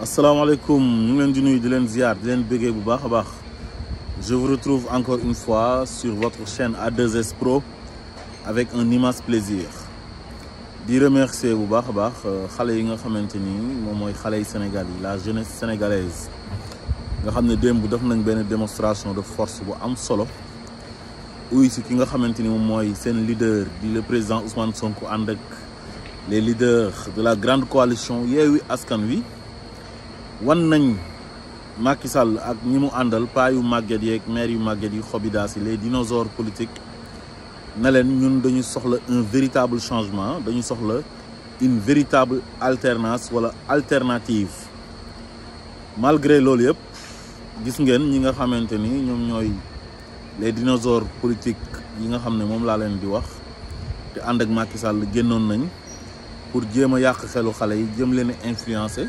Assalamu alaikum. ngi leen di nuyu di leen ziar di je vous retrouve encore une fois sur votre chaîne A2S Pro avec un immense plaisir di remercier bu baax a baax euh, yi nga xamante ni moom mooy xale la jeunesse sénégalaise nga xam ne démonstration de force bu am solo Oui, si ki nga xamante ni moom mooy leader di le président Ousmane Sonko ànd les leaders de la grande coalition Yewwi Askan Wi wan nañ ak ñimu andal payu paa yu maire yu màgget yi xobidaas yi les dinosaures politiques ne leen ñun dañu soxla un véritable changement dañu soxla une véritable alternance wala alternative malgré lool yëpp gis ngeen ñi nga xamanteni ñom ñoy les dinosaures politiques yi nga xamne mom la leen di wax te and ak Macky Sall génnoon nañ pour jema yak xelu xalé yi jëm leen influencer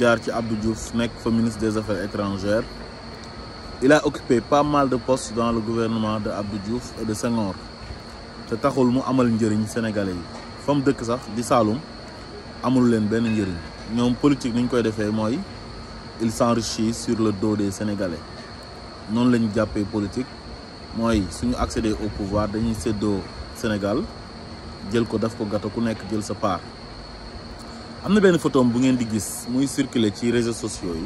ci Abdou Diouf nekk fa ministre des affaires étrangères il a occupé pas mal de postes dans le gouvernement de Abdou Diouf et de Senghor te taxul mu amal njëriñ sénégalais yi de mu dëkk sax di Saloum amul leen benn politique ni koy il s'enrichit sur le dos des sénégalais Non la politique mooy suñu accéder au pouvoir dañuy séddoo Sénégal jël ko daf ko gàtt ku nekk jël am ben photo bu ngeen di gis muy réseaux sociaux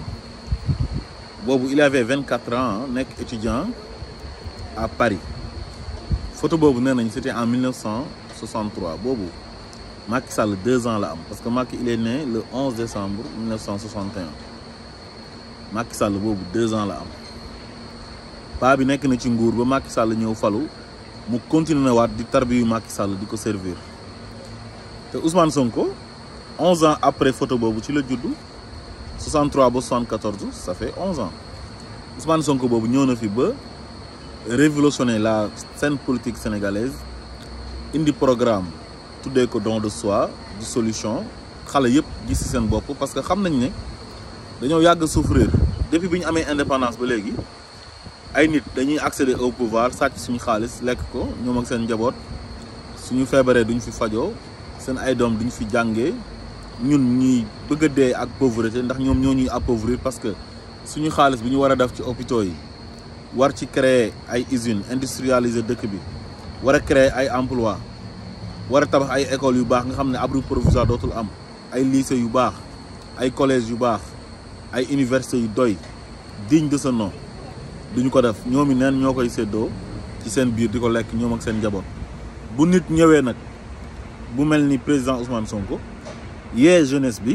il avait 24 ans étudiant à Paris photo était en 1963 Il a Sall deux ans parce que il est né le 11 décembre 1961 Macky Sall eu deux ans la am bi nek na ci Macky Sall servir Ousmane Sonko. 11 ans après photo bobu ci la juddu 63 ba 74 ça fait 11 ans Ousmane Sonko bobu ñëw na fi ba révolutionner la scène politique sénégalaise indi programme tuddee ko don de soi du solution xale yépp gis ci seen bop parce que xam nañ ne dañoo yàgg souffrir depuis buñ amé indépendance ba légui ay nit dañuy accéder au pouvoir sàcc suñu accédé lek ko ñom ak seen njaboot suñu feebaree duñ fi fajo seen ay doom duñ fi jangé ñun ñuy bëgg a dee ak pauvreté ndax ñoom ñoo ñuy appauvrir parce que suñu xaalis bi ñu war a def ci opito yi war ci créer ay usines industrialiser dëkk bi war a créer ay emplois war a tabax ay écoles yu baax nga xam ne abri provisoire dootul am ay lycées yu baax ay collèges yu baax ay universités yu doy digne de ce duñu ko def ñoom i neen ñoo koy séddoo ci seen biir di ko lekk ñoom ak seen njaboot bu nit ñëwee nag bu mel ni président Ousmane Sonko yee jeunesse bi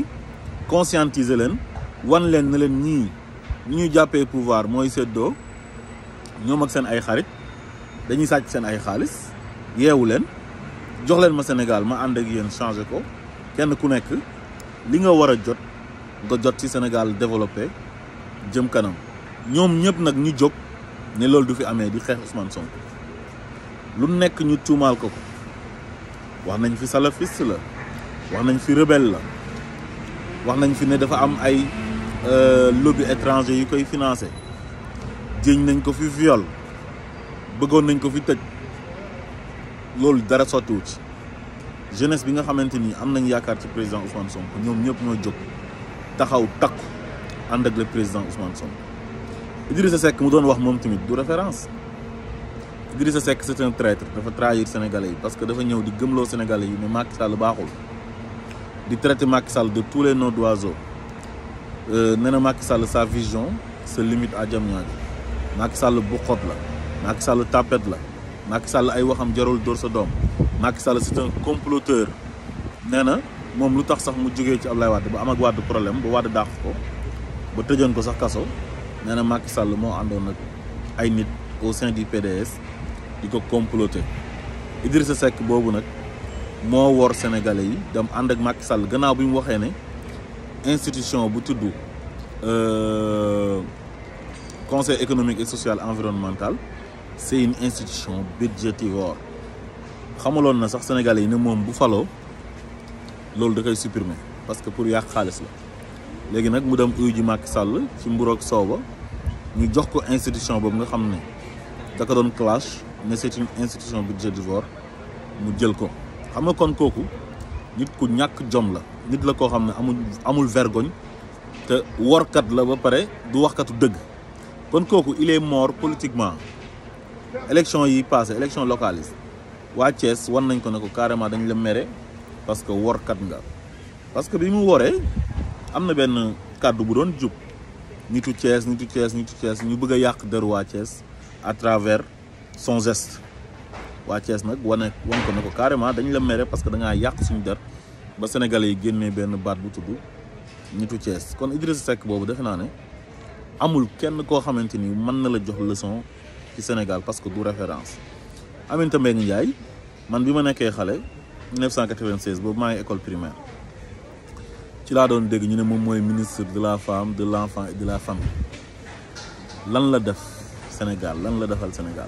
conscientiser leen wan leen na leen ñii ñu ñu jàppee pouvoir mooy séddoo ñoom ak seen ay xarit dañuy sàcc seen ay xaalis yeewu leen jox leen ma Sénégal ma ànd ak yéen changé ko kenn ku nekk li nga war a jot nga jot ci Sénégal développé jëm kanam ñoom ñëpp nag ñu jóg ni loolu du fi amee di xeex Ousmane lu nekk ñu tuumaal ko ko wax nañ fi salafiste la. wax nañ fi rebelle la wax nañ fi ne dafa am ay euh, lobby étranger yu koy nañ ko fi viol nañ ko fi dara jeunesse bi nga am nañ ci président Ousmane Sonko ñoom en taxaw takku le président Ousmane Sonko Idrissa Seck mu doon wax tamit référence Idrissa Seck c'est un traître dafa trahir sénégalais parce que dafa venu di sénégalais yi ne Macky le il traitement Macky de tous les noms d'oiseaux euh, Maxal, sa vision se limite à Diamniadio Macky Sall boqoot la Macky Sall tapet la Macky Sall ay waxam jarul sa Macky Sall c'est un comploteur un problème Macky Sall au sein du PDS un comploter Idrissa mo wor sénégalais yi dem and ak Macky Sall gannaaw bi mu institution bu tudd euh, conseil économique et social environnemental c'est une institution budgétivore xamulon na sax sénégalais yi né mom bu faloo loolu da kay supprimer parce que pour yàq xaliss la légui nak mu dem uyu ji Macky Sall ci mburok sooba ñu jox ko institution boobu nga xamné da ka doon clash mais c'est une institution budgétivore mu jël ko je kon kooku nit ku ñàkk jom la nit la koo xam ne amul amul vergogne te workat la ba pare du waxkatu kon il est mort politiquement élection yi passé élection locale waa Thiès nañ ko ne la parce que workat nga parce que bi mu woree am benn Il bu doon jub nitu Thiès nitu Thiès nitu Thiès ñu bëgg à travers son geste waa Thiès nag wane wan ko nako carrément dañ la méré parce que da nga yak suñu der ba sénégalais yi génnee benn baat bu tudd nitu ties kon Idrissa Seck bobu def na né amul kenn ko xamante man mën na la jox leçon ci Sénégal parce que du référence Aminata Mbengue Ndiaye man bima ma xalé 1996 bobu ma ngi école primaire ci la doon dégg ñu né moom mooy ministre de la femme de l'enfant et de la famille lan la def Sénégal lan la defal Sénégal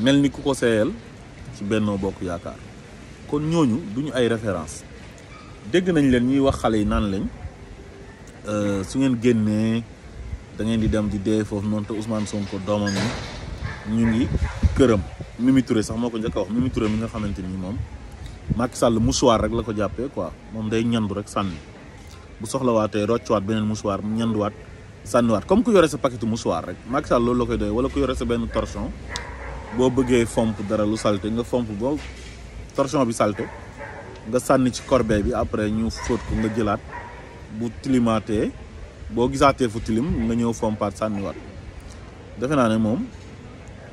mel kuko seyel ci benno bokk yaakar kon ñooñu duñu ay référence dégg nañ leen ñi wax xalé nan lañ euh su ngeen génnee da ngeen di dem di dé fofu non te Ousmane Sonko doomam yi ñu ngi kërëm Mimi Touré sax moko ñëk sani. wax Mimi Touré mi nga xamanteni mom Macky Sall mouchoir rek la ko jappé quoi mom day ñandu rek sanni bu soxlawaatee roccuwaat mouchoir sanni wat comme ku yoré sa paquetu mouchoir rek Macky Sall loolu la koy doy wala ku yoré sa benn torchon boo bëggee fomp dara lu salte nga fomp boo torchon bi salte nga sànni ci corbeille bi après ñu fóot ko nga jëlaat bu tilimaatee boo gisaatee fu tilim nga ñëw fompaat sànniwaat defe naa ne moom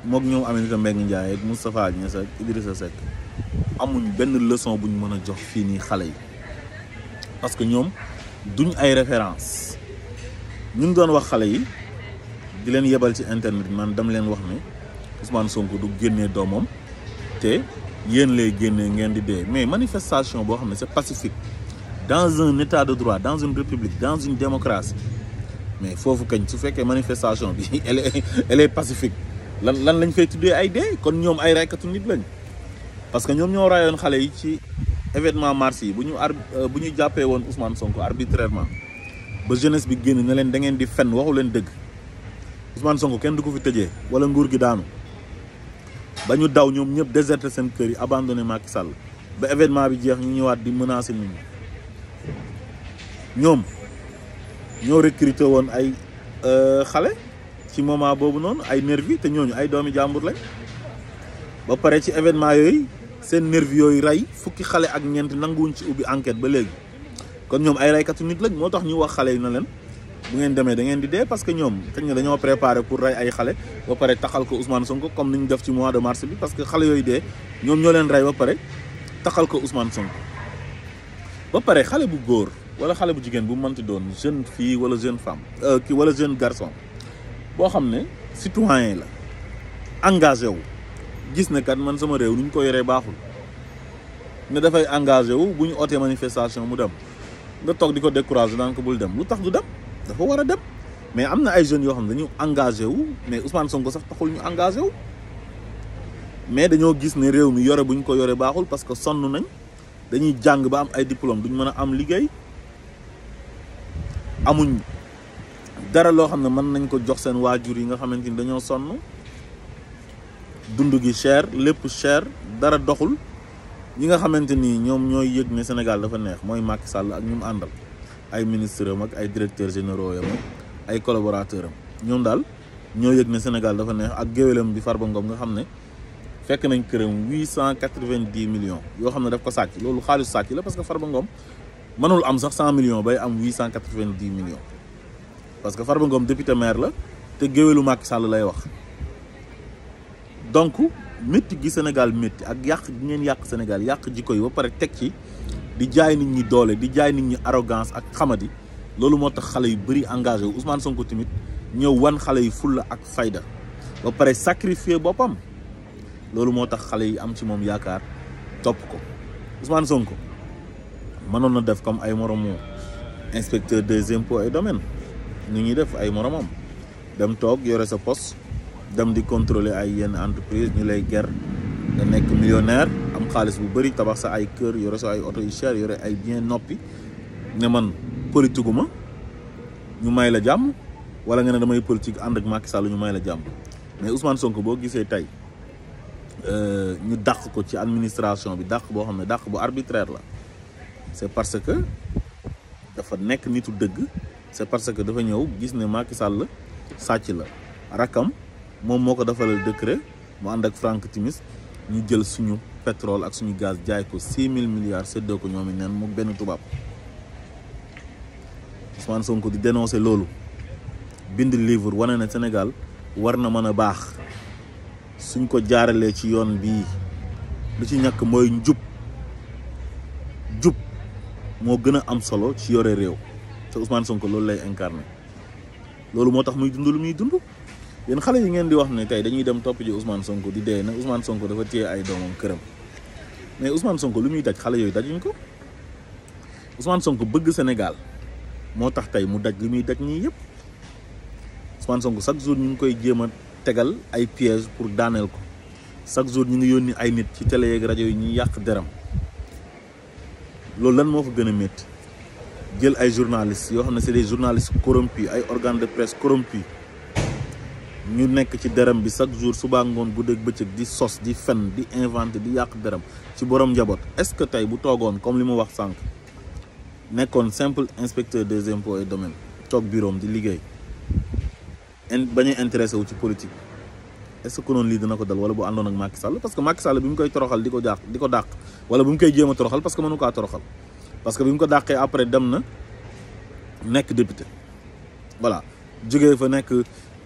mook ñoom Aminata Mbengue Ndiaye ak Moustapha Niasse ak Idrissa Seck amuñ benn leçon buñ mën a jox fii nii xale yi parce que ñoom duñ ay ñu ñun doon wax xale yi di leen yebal ci internet man dam leen wax ne Ousmane Sonko du génnee domom té yeen lay génnee ngén di dé mais manifestation bo xamné c'est pacifique dans un état de droit dans une république dans une démocratie mais fofu kañ su féké manifestation bi elle est elle est pacifique lan lan lañ fay tuddee ay dé kon ñom ay raykatu nit lañ parce que ñom ñoo rayoon xalé yi ci événement mars yi buñu ñu ar euh, bu Ousmane Sonko arbitrairement ba jeunesse bi génn na leen da ngén di fenn waxu leen dëgg Ousmane Sonko kenn du ko fi tëjee wala nguur gi daanu bañu daw ñom ñëpp déserté sen kër yi abandonné Macky Sall ba événement bi jeex ñu ñëwaat di menacer nit ñom ñoo recruté won ay euh xalé ci moment bobu noonu ay nervi te ñooñu ay doomi jàmbur lañ ba paré ci événement yoy sen nervi yoy rey fukki xalé ak ñent nanguñ ci ubi enquête ba légui kon ñom ay ray kat nit lañ motax ñu wax xalé na len bu ngeen demee da di dee parce que ñoom xëy na dañoo préparé pour rey ay xale ba pare taxal ko Ousmane Sonko comme ni ñu def ci mois de mars bi parce que xale yooyu dee ñoom ñoo leen rey ba pare taxal ko Ousmane Sonko ba pare xale bu góor wala xale bu jigéen bu mënti doon jeune fille wala jeune femme euh, ki wala jeune garson boo xam ne citoyen la engagé wu gis ne kat man sama réew nu ñu ko yoree baaxul ne dafay engagé wu bu ñu ootee manifestation mu dem nga toog di ko découragé naan bul dem lu tax du dem. dafa war a dem mais am na ay jeunes yoo xam ne dañu engagé wu mais son ko sax taxul ñu engagé wu mais dañoo gis ne réew mi yore bu ñu ko yore baaxul parce que sonn nañ dañuy jàng ba am ay diplôme duñ mën a am liggéey amuñ dara loo xam ne mën nañ ko jox seen waajur yi nga xamante ni dañoo sonn dund gi cher lépp cher dara doxul ñi nga xamante ni ñoom ñooy yëg ne Sénégal dafa neex mooy Macky Sall ak ñu àndal. ay ministre am ak ay directeurs généraux ak ay collaborateurs am ñoom daal ñoo yëg ne Sénégal dafa neex ak géwélam bi Farba ngoom nga xam ne fekk nañ këram huit cent quatre-vingt-dix millions yoo xam ne daf ko sàcc loolu xaalis sàcc la parce que Farba Ngom mënul am sax cent millions bay am huit cent quatre-vingt-dix millions parce que Farba ngoom député maire la te géwélu Macky Sall lay wax donc métti gi Sénégal métti ak yàq gi ngeen yàq Sénégal yàq jikko yi ba pare teg ci di jaay nit ñi doole di jaay nit ñi arrogance ak xamadi lolu moo tax xale yu bari engagé wu Ousmane Sonko timit ñew wan xalé yu fulla ak fayda ba paré sacrifier bopam lolu moo tax xale yi am ci mom yaakar top ko Ousmane Sonko manon na def comme ay moromo inspecteur des impôts et domaines ni def ay moromam dem tok yore sa poste dem di contrôler ay yenn entreprise ñu lay guer da nek millionnaire am xaalis bu bari tabax sa ay kër yore sa ay auto yu cher yore ay bien noppi ne man politique ma ñu may la jàmm wala nga ne damay politique ànd ak Macky Sall ñu may la jàmm mais nah, Ousmane Sonko boo gisee eh, tey ñu dàq ko ci administration bi dàq boo xam ne dàq bu arbitraire la c'est parce que dafa nekk nitu dëgg c'est parce que dafa ñëw gis ne Macky Sall sàcc la rakam moom moo ko defalal décret mu ànd ak Franck Timis ñu jël suñu pétrole ak suñu gaz jaay ko 6000 milliards de ko ñoom it mu benn tubab Ousmane Sonko di dénoncer lolu bind livre wané né Sénégal war na mën a suñ ko jaaralé ci yoon bi lu ci ñak moy njub jub mo gëna am solo ci yoré réew té Ousmane Sonko lolu lay incarner lolu motax muy dundul muy dund yen xalé yi ngeen di wax ne tay dañuy dem top ji Ousmane Sonko di dé na Ousmane Sonko dafa ay kërëm mais Ousmane Sonko lu muy daj xale yooyu dajuñ ko Ousmane Sonko bëgg Sénégal moo tax tey mu daj lu muy daj ñii yëpp Ousmane Sonko chaque jour ñu ngi koy jéem a tegal ay piège pour daaneel ko chaque jour ñu ngi yónni ay nit ci télé yeeg rajo yi ñu yàq deram loolu lan moo fa gën a métti jël ay journalistes yoo xam ne c'est des journalistes corrompus ay organes de presse corrompus ñu nekk ci dërëm bi chaque jour subaa ngoon guddeeg bëccëg di sos di fen di invente di yàq dërëm ci borom njaboot est-ce que tey bu toogoon comme li mu wax sànq nekkoon simple inspecteur des impôts et domaine toog bureau di liggéey bañ a intéressé wu ci politique est-ce que noonu lii dina ko dal wala bu àndoon ak Macky Sall parce que Macky Sall bi mu koy toroxal di ko jaax di ko dàq wala bu mu koy jéem a toroxal parce que mënu kaa toroxal parce que bi mu ko dàqee après dem na nekk député voilà jógee fa nekk.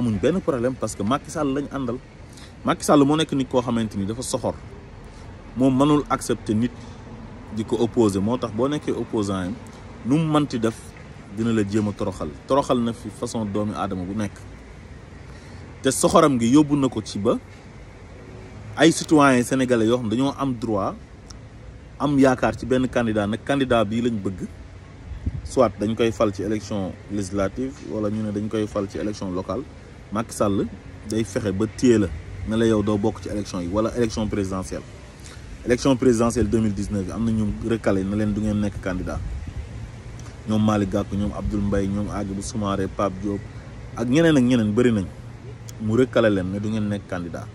amuñ benn problème parce que Macky Sall àndal Macky Sall moo nekk nit koo xamante ni dafa soxor moom mënul accepter nit di ko opposer moo tax boo nekkee opposant yi nu mu mënti def dina la jéem a toroxal toroxal na fi façon doomi aadama bu nekk te soxoram gi yóbbu na ko ci ba ay citoyens sénégalais yoo xam dañoo am droit am yaakaar ci benn candidat nag candidat bii lañ bëgg soit dañ koy fal ci élection législative wala ñu ne dañ koy fal ci élection locale Macky Sall day fexé ba yow ci élection élection présidentielle élection présidentielle 2019 nous du ngeen candidat Mbaye ñoom Pape Diop ak ñeneen ak ñeneen recalé du ngeen candidat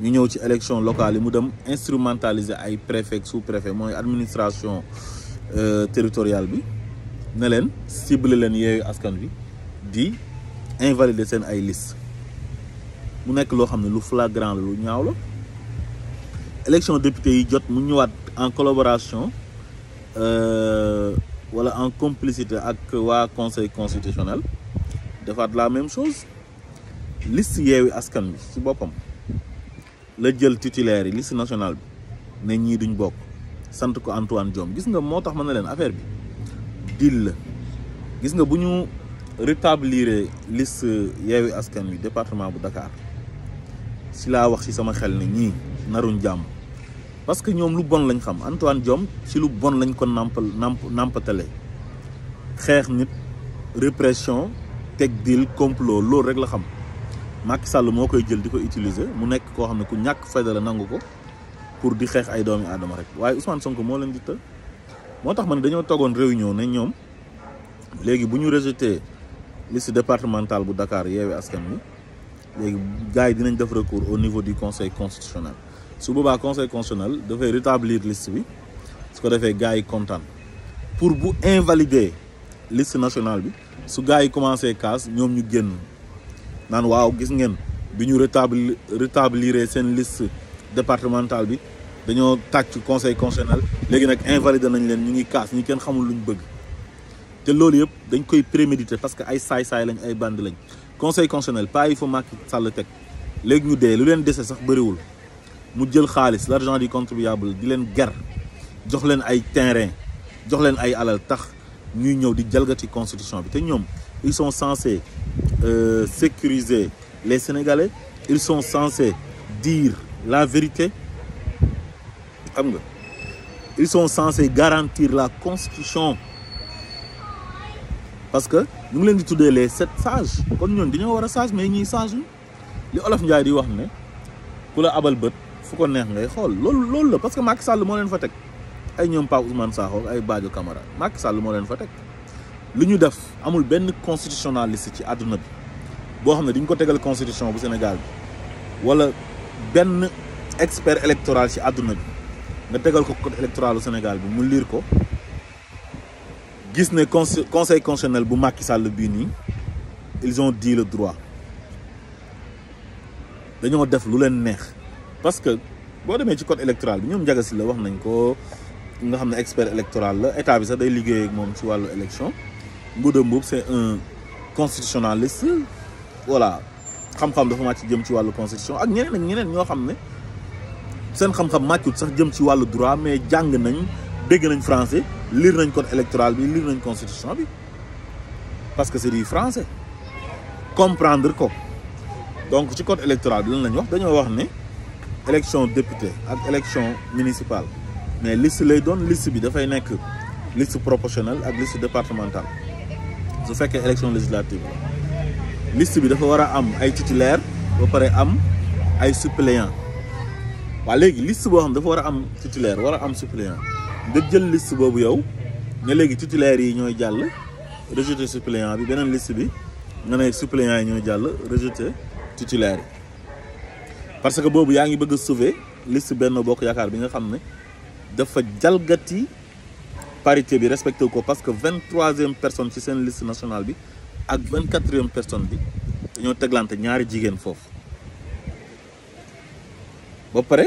ñu ñëw locale mu dem instrumentaliser ay sous préfets administration euh, territoriale bi ne cible invalider seen ay liste mu nek lo xam lu flagrant la lu ñaaw la élection député yi jot mu ñëwaat en collaboration euh, wala en complicité ak wa conseil constitutionnel de faire la même chose liste yeewi askan bi ci bopam la jël titulaire liste nationale bi né ñi duñ bok sant ko Antoine diom gis nga motax tax na affaire bi dil gis nga buñu rétablir liste yeewi askan wi département bu Dakar si laa wax si sama xel ne ñii naruñ jàmm parce que ñoom lu bon lañ xam Antoine Diom, si lu bon lañ ko nampal namp nampatale xeex nit répression teg complot loolu rek la xam Macky Sall moo koy jël diko utiliser mu nekk ko xamne ku ñak fayda la nangu pour di xex ay doomi aadama rek waye Ousmane Sonko mo leen di të motax tax ma ne dañoo toogoon réunion né ñom légui buñu ñu liste départementale bu Dakar y a wi les gars yi dinañ def recours au niveau du conseil constitutionnel su boobaa conseil constitutionnel dafay rétablir liste bi su ko les gars yi contents. pour bu invalider liste nationale bi su gars yi commencé casse ñoom ñu génn naan waaw gis ngeen bi ñu rétabli rétabliré seen liste départementale bi dañoo tàcc conseil constitutionnel léegi nag invalider nañ leen ñu ngi casse ñi kenn xamul luñ bëgg te loolu yëpp dañ koy parce que ay lañ conseil constitutionnel pas il faut marquer teg léegi ñu dee lu leen sax mu jël du contribuable di leen ger jox leen ay terrain jox leen ay alal tax ñuy ñëw di constitution ils sont censés euh, sécuriser les Sénégalais ils sont censés dire la vérité ils sont censés garantir la constitution parce que ñu ngi leen di tuddee les sept sages kon ñoon dañoo war a sage mais ñuy sage li olof Njaay di wax ne ku la abal bët fu ko neex ngay xool loolu loolu la parce que Macky Sall moo leen fa teg ay ñoom Pape Ousmane Sakho ay Badio Camara Macky Sall moo leen fa teg li ñu def amul benn constitutionnaliste ci àdduna bi boo xam ne diñ ko tegal constitution bu Sénégal bi wala benn expert électoral ci àdduna bi nga tegal ko code électoral bu Sénégal bi mu liir ko gis ne conseil constitutionnel bu Macky Sall bii ni ils ont dit le droit dañoo def lu len neex parce que bo demee ci code électoral bi ñoom njaga la wax nañ ko nga xamné expert électoral la état bi sa day liggéey ak mom ci walu élection Ngouda c'est un constitutionnaliste voilà xam-xam dafa ci jëm ci walu constitution ak ñeneen ak ñeneen ño xamné ne seen xam-xam màccut sax jëm ci walu droit mais jang nañ dégg nañ français lire nañ code électoral lire nañ constitution parce que c'est du français comprendre quoi donc le code électoral bi lan lañ wax wax élection député élection municipale mais liste lay doon liste bi une liste proportionnelle ak liste départementale c'est une élection législative la liste bi dafa war a titulaire ba pare am suppléant waa liste boo xam dafa un titulaire war a am suppléant nga jël liste boobu yow nga léegi titulaire yi ñooy jàll rejeté suppléant bi beneen list bi nga ne suppléant yi ñooy jàll rejeté titulaire yi parce que boobu yaa ngi bëgg a sauver liste benn bokk yaakaar bi nga xam ne dafa jalgati parité bi respecté ko parce que vingt-troisième personne ci seen liste national bi ak vingt-quatrième personne bi dañoo teglante ñaari jigéen foofu ba pare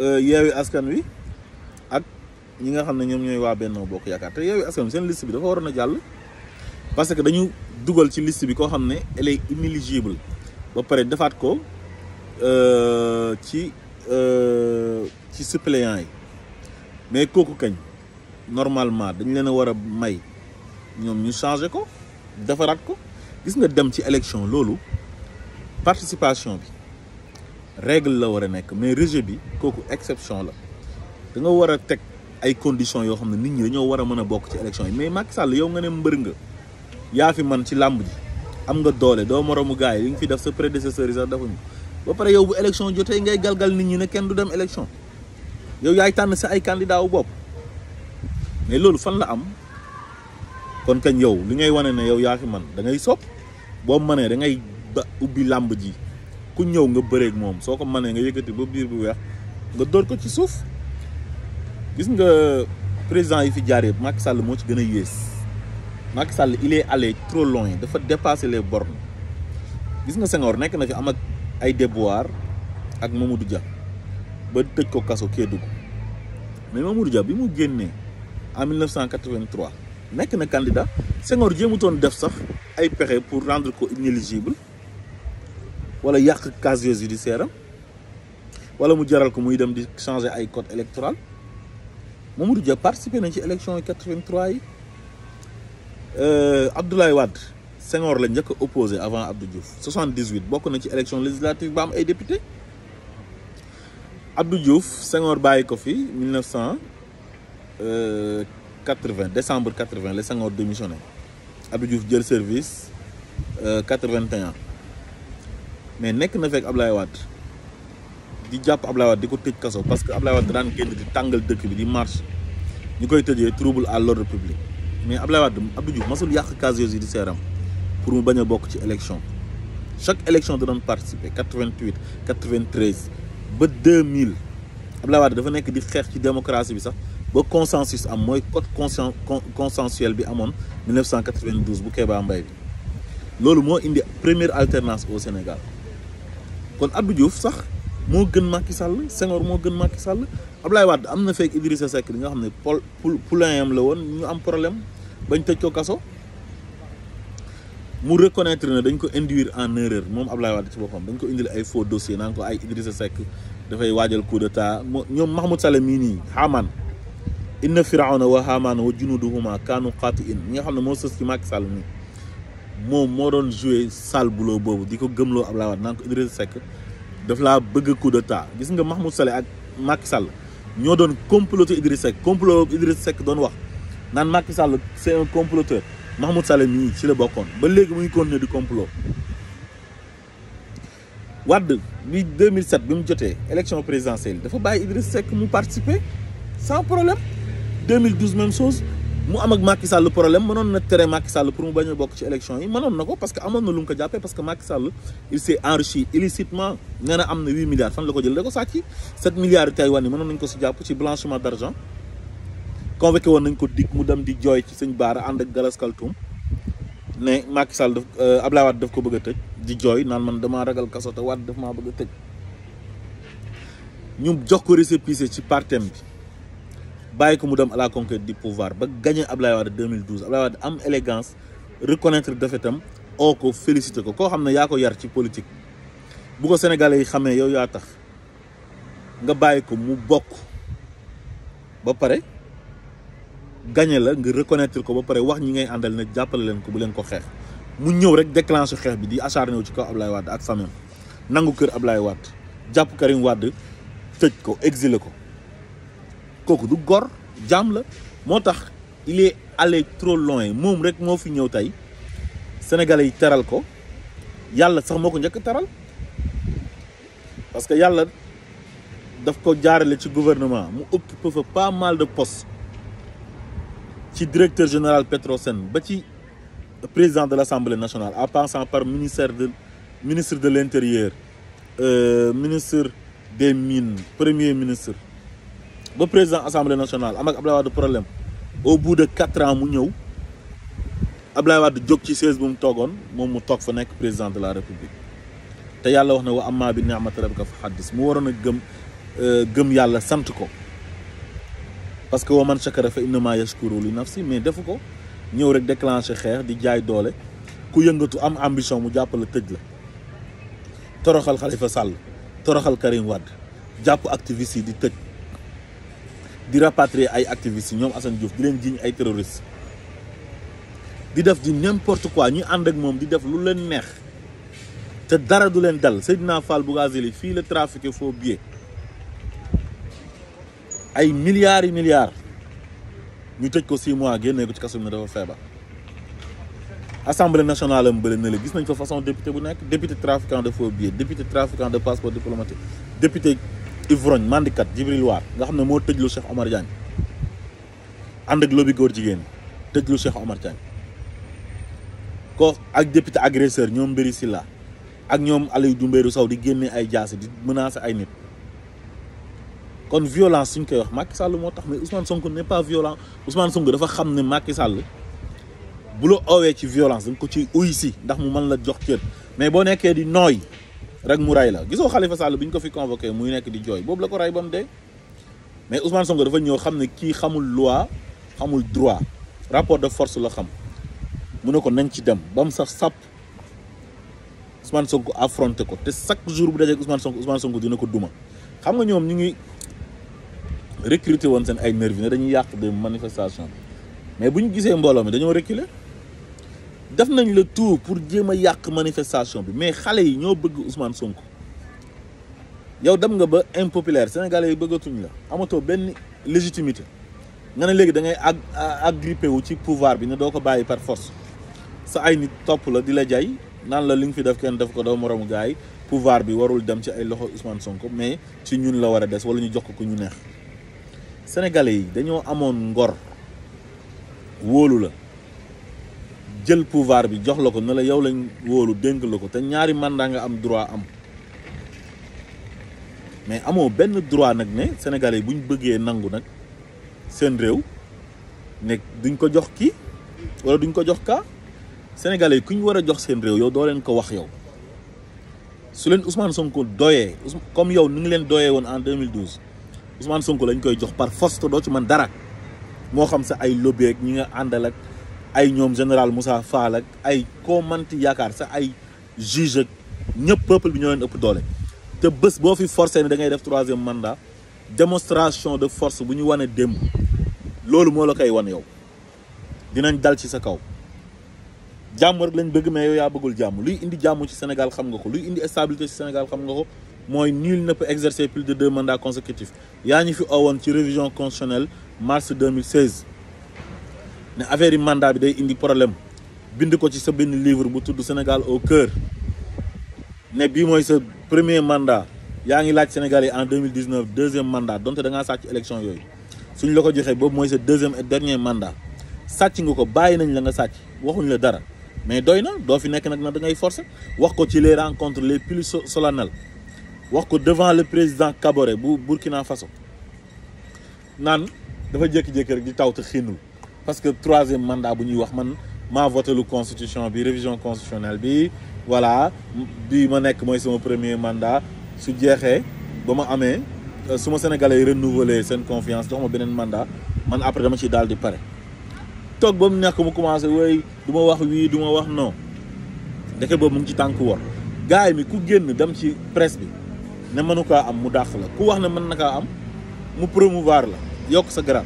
Euh, yewi askan wi ak ñi nga xam ne ñoom Benno Bokk y te yewi askan liste bi dafa jall parce que dañu duggal ci liste bi ko elle est ba paré defat ko euh, ci euh, ci suppléant mais normalement dañ leena wara may ñom ñu changer ko ko gis nga élection participation règle la war a nekk mais rejet bi kooku exception la da war a teg ay conditions yoo xam ne nit ñi dañoo war a mën a bokk ci élection yi mais Macky Sall yow nga ne mbër nga yaa fi man ci làmb ji am nga doole doo moromu gars yi li nga fi def sa prédécesseur yi sax defuñu ba pare yow bu élection jotee ngay galgal nit ñi ne kenn du dem élection yow yaay tànn sa ay candidat wu bopp mais loolu fan la am kon kañ yow li ngay wane ne yow yaa fi man da ngay sopp boo mënee da ngay ba ubbi làmb ji ku ñëw nga des moom soo ko nga yëkkati ba biir bu nga ci suuf gis président yi fi Macky Sall est allé trop loin dafa dépasser les bornes gis nga déboire ak mais mu en 1983 nekk na candidat Senghor def sax pour rendre inéligible wala yak casier judiciaire Voilà wala mu jaral ko muy dem di changer ay code électoral Mamadou Dia participé nañ ci élection 83 euh, Abdoulaye Wade Senghor la ñëk opposé avant Abdou Diouf 78 bokku na ci élection législative ba am ay député Abdou Diouf Senghor bàyyi 1900 en 1980 décembre 80 5 Senghor démissionné Abdou Diouf jël service 81. Euh, mais nek na fekk Ablaye Wade di japp Ablaye wat di ko tëj parce que Ablaye en train de di tangal deuk bi di marche ñukoy koy des trouble à l'ordre public mais Ablaye wat Abdou le masul yàq casier judiciaire am pour mu baña bok ci élection chaque élection da doon participer 88 93 ba 2000 Ablaye Wade dafa nek di xex ci démocratie bi sax ba consensus am moy code consensuel bi amone 1992 bu Kéba mbay bi loolu c'est indi première alternance au Sénégal kon Abdou Diouf sax moo gën Macky Sall Senghor moo gën Macky Sall Abdoulaye Wade am na fekk Idrissa Seck bi nga xam ne pol poulain am la woon ñu am problème bañ tëj ko kaso mu reconnaître ne dañ ko induire en erreur moom ab Abdoulaye Wade ci boppam dañ ko indil ay foo dossier naan ko ay Idrissa Seck dafay waajal coup d'état ñoom Mahmoud Saleh mii nii Haamaan inna firawna wa Haamaan wa junuduhuma kaanu qaati in ñi nga xam ne moo sës ci Macky Sall nii moom moo doon joué sale boulot boobu di ko gëmloo Abdoulaye Wade naan Idrissa Seck daf la bëgg coup d'état gis nga Mahmoud Saleh ak Macky Sall ñoo doon comploter Idrissa Seck complot Idrissa Seck doon wax Nan Macky Sall c'est un comploteur Mahmoud Saleh mii ci la bokkoon ba légui mu ngi continuer di complot wad bi 2007 bimu mu élection présidentielle dafa baye Idrissa Seck mu participer sans problème 2012 même chose mu am ak Macky Sall problème mënoon na tere Macky Sall pour mu bañ bokk ci élection yi mënoon na ko parce que amoon na lu mu ko jàppee parce que Macky Sall il s'est enrichi illicitement nee am na huit milliards fan la ko jël da ko sàcc sept milliards yu Taïwan yi mënoon nañ ko si jàpp ci blanchiment d' argent convoqué woon nañ ko dig mu dem di jooy ci sëñ Baara ànd ak Galas Kaltoum ne Macky Sall daf euh, Ablaye Wade daf ko bëgg a tëj di jooy naan man damaa ragal kaso te Wade daf maa bëgg a tëj ko récépissé ci partem bàyyi ko mu dem à la conquête du pouvoir ba gagné Ablaye Wade 2012 Ablaye Wade am élégance reconnaître defetam oo ko félicité ko koo xam ne yaa ko yar ci politique bu ko sénégalais yi xamee yow yaa tax nga bàyyi ko mu bokk ba pare gagné la nga reconnaître ko ba pare wax ñi ngay àndal ne jàppale leen ko bu leen ko xeex mu ñëw rek déclenché xeex bi di acharné wu ci kaw ab lay Wade ak famille nangu kër ab lay Wade jàpp Karim Wade tëj ko exilé ko. il du gor jaam la il est allé trop loin il rek mo fi ñew tay sénégalais yi teral ko Yalla, sax parce que yalla daf ko jaarale ci gouvernement mu a pas mal de postes ci directeur général Petrosen ba ci président de l'Assemblée nationale en passant par le de ministre de l'Intérieur euh, ministre des Mines premier ministre le président de l'Assemblée nationale amak problème au bout de quatre ans Abdoulaye ci président de la république wax na wa amma Il rabbika fa a gëm euh, gëm parce que wa man shakara fa yashkuru li nafsi mais defu ko Il rek déclenché xeex di jaay doole ku yëngatu am ambition mu la toroxal Khalifa Sall toroxal Karim wad japp activiste di di rapatrier ay activistes ñoom Assane Diouf di leen jiiñ ay terroristes di def di n'importe quoi ñu and ak mom di def lu leen neex te dara du leen dal Seydina Fall Bougazelli fii la trafiqué faux billets ay milliards et milliards ñu tëj ko 6 mois genné ko ci kaso dafa feebar. Assemblée nationale am beulé na la gis nañ fa façon député bu nekk député trafiquant de faux billets député trafiquant de passeport diplomatique député. ivrogne mandikat jibril War nga xamne mo tejlu Cheikh Omar Diagne and ak lobby gor jigen tejlu Cheikh Omar Diagne ko ak député agresseur ñom Mbéri Silla ak ñom Aliou Doumbérou Sow di génné ay jass di menacer ay nit kon violence suñ koy wax Macky Sall mo tax mais Ousmane Sonko n'est pas violent Ousmane Sonko dafa xam Macky Sall bu lo oowee ci violence da ko ci uy ci ndax mu man la jox cër mais bo nekké di noy rek mu ray la gisoo Khalifa Sall bi ñu ko fi convoqué muy nekk di jooy boobu la ko ray ba mu dee mais Ousmane Sonko dafa ñëw xam ne kii xamul loi xamul droit rapport de force la xam mu ne ko nañ ci dem ba mu saf sàpp Ousmane Sonko affronté ko te chaque jour bu dajee ak Ousmane Sonko Ousmane Sonko dina ko duma xam nga ñoom ñu ngi recruter woon seen ay nervi ne dañuy yàq de manifestation mais bu ñu gisee mbooloo mi dañoo reculer def nañu le tout pour jéem a yàq manifestation bi mais xale yi ñoo bëgg Ousmane sonk yow dem nga ba impopulaire sénégalais yi bëggatuñ la amatoo benn légitimité nga ne léegi da ngay ag agrippé wu ci pouvoir bi ne doo ko bàyyi par force sa ay nit topp la di la jay naan la li nga fi def kenn def ko doo moromu gars yi pouvoir bi warul dem ci ay loxo Ousmane Sonko mais ci ñun la war a des wala ñu jox ko ku ñu neex sénégalais yi dañoo amoon ngor wóolu la. jël pouvoir bi jox la ko ne la yow lañ wóolu dénk la ko te ñaari mandat nga am droit am mais amoo benn droit nag ne sénégalais yi bu ñu bëggee nangu nag seen réew nekk duñ ko jox kii wala duñ ko jox kaa sénégalais yi ku ñu war a jox seen réew yow doo leen ko wax yow su leen Ousmane Sonko doyee comme yow nu ngi leen doyee woon en 2012 Ousmane Sonko lañ koy jox par force te doo ci man dara moo xam sa ay lobby ak ñi nga àndal ak. ay général Moussa Fall ak ay Yakar sa ay juge peuple bi ñoo leen ëpp doole té bëss bo fi forcé da démonstration de force bu ñu wane demb loolu mo la se wan yow dinañ dal ci sa kaw lañ bëgg mais yow bëggul luy indi jamm ci Sénégal xam nga ko luy indi stabilité ci Sénégal xam nga ko nul ne peut exercer plus de deux mandats consécutifs Vous fi révision constitutionnelle mars 2016 ne affaire yi mandat bi day indi problème bind ko ci sa ben livre bu tudd Sénégal au cœur ne bi moy sa premier mandat yaa ngi laaj Sénégal en 2019. deuxième mandat donte da nga sacc élection yoy suñ lako joxé bob moy sa deuxième et dernier mandat sacc nga ko bàyyi nañ la nga sacc waxuñ la dara mais doyna do fi nek nak na da ngay forcer wax ko ci les rencontres les plus solennelles wax ko devant le président Kabore bu Burkina Faso nan dafa jékki-jékki rek di tawta te parce que troisième mandat bu ñuy wax man ma voté lu constitution bi révision constitutionnelle bi voilà bi ma nekk mooy sama premier mandat su jeexee ba ma amee euh, su ma sénégalais yi renouveler seen confiance jox ma beneen mandat man après dama ci daal di pare toog ba mu nekk mu commencé wéy du ma wax wii du ma wax non ndeke boobu mu ngi ci tànk wor gaay mi ku génn dem ci presse bi ne mënu am mu dàq la ku wax ne mën na am mu promouvoir la yokk sa garab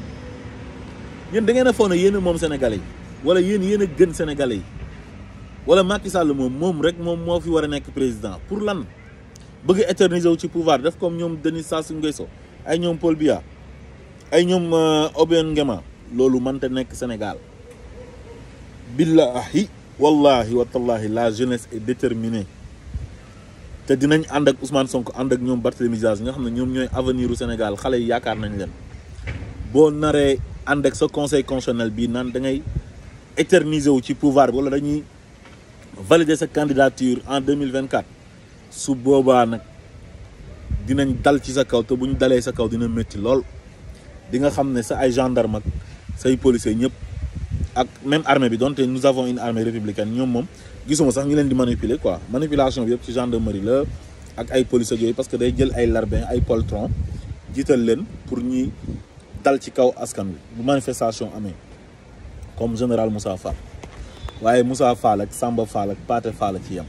yéen da ngeen a foog ne yéen moom Sénégalais yi wala yéen yéen gën Sénégalais yi wala Macky Sall moom moom rek moom moo fi war a nekk président pour lan bëgg éterniser wu ci pouvoir def comme ñoom Denis Sassou Nguesso ay ñoom Paul Biya ay ñoom euh, Obiang Nguema loolu mënta nekk Sénégal billahi wallahi watallahi la jeunesse est déterminée te dinañ ànd ak Ousmane sonk ànd ak ñoom Barthélémy Dias nga xam ne ñoom ñooy aveniru Sénégal xale yi yaakaar nañ leen boo naree ànd ak conseil constitutionnel bii naan da ngay éterniser wu ci pouvoir bi wala dañuy valider sa candidature en 2024 su boobaa nag dinañ dal ci sa kaw te bu ñu dalee sa kaw dina métti lool di nga xam sa ay gendarme ak say policiers ñëpp ak même armée bi donte nous avons une armée républicaine ñoom moom gisuma sax ñu leen di manipuler quoi manipulation bi yëpp ci gendarmerie la ak ay policiers parce que day jël ay larbin ay poltron jiital leen pour ñi dal ci kaw askan wi bu manifestation amee comme général Moussa Fall waaye Moussa Fall ak Samba Fall ak Paté Fall ci yam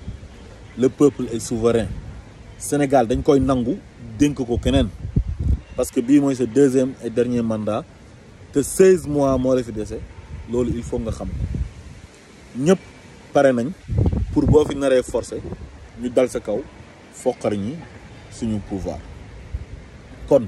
le peuple est souverain Sénégal dañ koy nangu dénk ko parce que bi moy ce deuxième et dernier mandat te 16 mois mo la fi dese lolou il faut nga xam ñep paré nañ pour bo fi naré forcé ñu dal sa kaw foqar ñi suñu pouvoir kon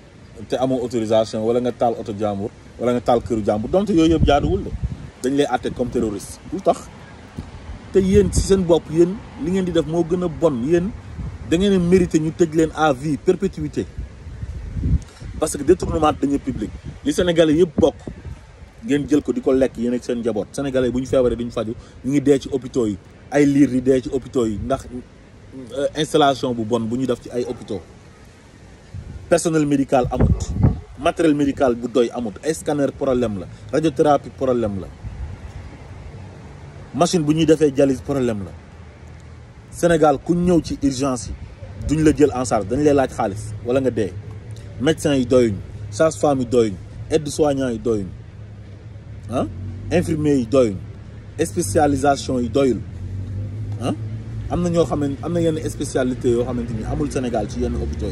te amoo autorisation wala nga tal auto jambour wala nga tal keur jambour donc yooyu yëpp jaaduwul de dañ lay atté comme terroriste lutax tax te yéen ci sen bop yeen li ngeen di def mo gëna a bon yéen da ngeen mérité ñu tëj leen à vie perpétuité parce que détournement dañu public li sénégalais yëpp bok ngeen jël ko diko ko lekk yéen ak sen jabot sénégalais buñu ñu feebaree duñu faju ñu ngi dé ci hôpitaux yi ay liir di dé ci hôpitaux yi ndax euh, installation bu bon buñu def ci ay hôpitaux personnel médical amout matériel médical bu doy amout ay scanner problème la radiothérapie problème la machine bu ñuy défé dialyse problème la Sénégal ku ñëw ci urgence duñ la jël en charge dañ lay laaj xaliss wala nga dé médecin yi doyuñ sages-femmes yi doyuñ aide soignant yi doyuñ hein ah, infirmier yi doyuñ spécialisation yi doyul hein ah. amna ño ñoo amna yenn spécialité yo xamanteni amul Sénégal ci yenn hôpitaux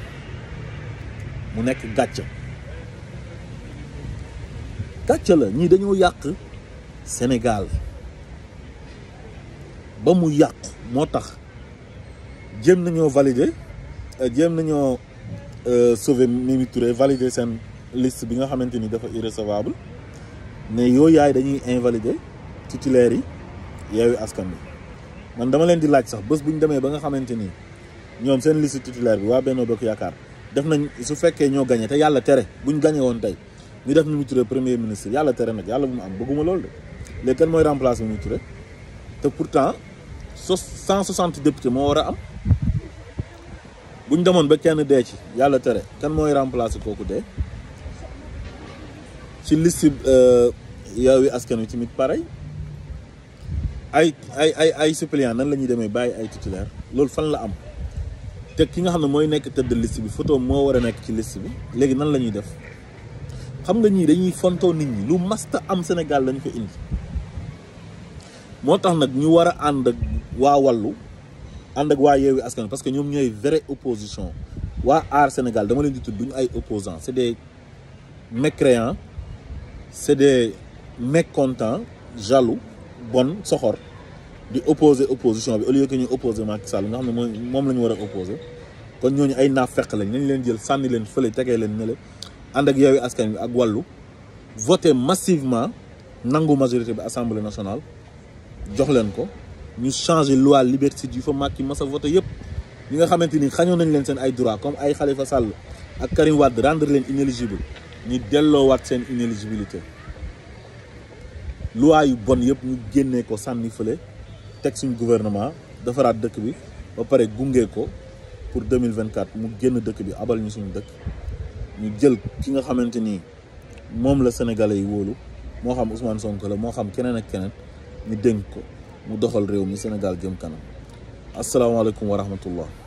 mu nekk gàcce gàcce la ñii dañoo yàq Sénégal ba mu yàqu moo tax jéem nañoo valider euh, jéem nañoo euh, sauver Mimi Touré valider seen liste bi nga xamante ni dafa irrecevable ne yooyu yaay dañuy invalider titulaire yi yeewu askan bi man dama leen di laaj sax bés bu ñu demee ba nga xamante ni ñoom seen liste titulaire bi waa Benno Bokk Yaakaar def nañ su fekkee ñoo gagné te yàlla tere buñ gagné woon tey ñu def ñu premier ministre yàlla tere nag yàlla bu mu am bëgguma loolu de léegi kan mooy remplacer ñu te pourtant 160 députés il y a am buñ ba kenn dee ci yàlla tere kan mooy remplacer kooku dee ci liste a euh, Askan Wi tamit pareil ay ay ay suppléant nan la ñuy demee bàyyi ay titulaire loolu fan la am té ki nga xamné photos nek nekk liste bi photo ci liste bi nan def xam nga dañuy nit ñi lu masta am Sénégal ko indi ñu ak ak parce que ñom ñoy vraie opposition wa Sénégal dama leen di opposants c'est des mécréants c'est des mécontents jaloux bon soxor di opposer opposition au lieu que nous opposer Macky Sall nga nous ne fait des nous avons opposer kon nous ay fait lañ leen jël nous leen les nous leen fait des nous avons Askan ak nous majorité de l'Assemblée nationale jox leen nous ñu fait loi liberticide nous fa Macky Massa nous ñi nga nous avons nañ ay droit comme ay Khalifa Sall ak Karim Wade rendre nous inéligible inéligibilité loi yu bonne, nous ñu ko teg suñu gouvernement defaraat dëkk bi ba pare gunge ko pour 2024 mu génn dëkk bi abal ñu suñu dëkk ñu jël ki nga xamante ni moom la sénégalais yi wóolu moo xam Ousmane Sonko la moo xam keneen ak keneen ñu dénk ko mu doxal réew mi Sénégal jëm kanam asalaamaaleykum wa rahmatullah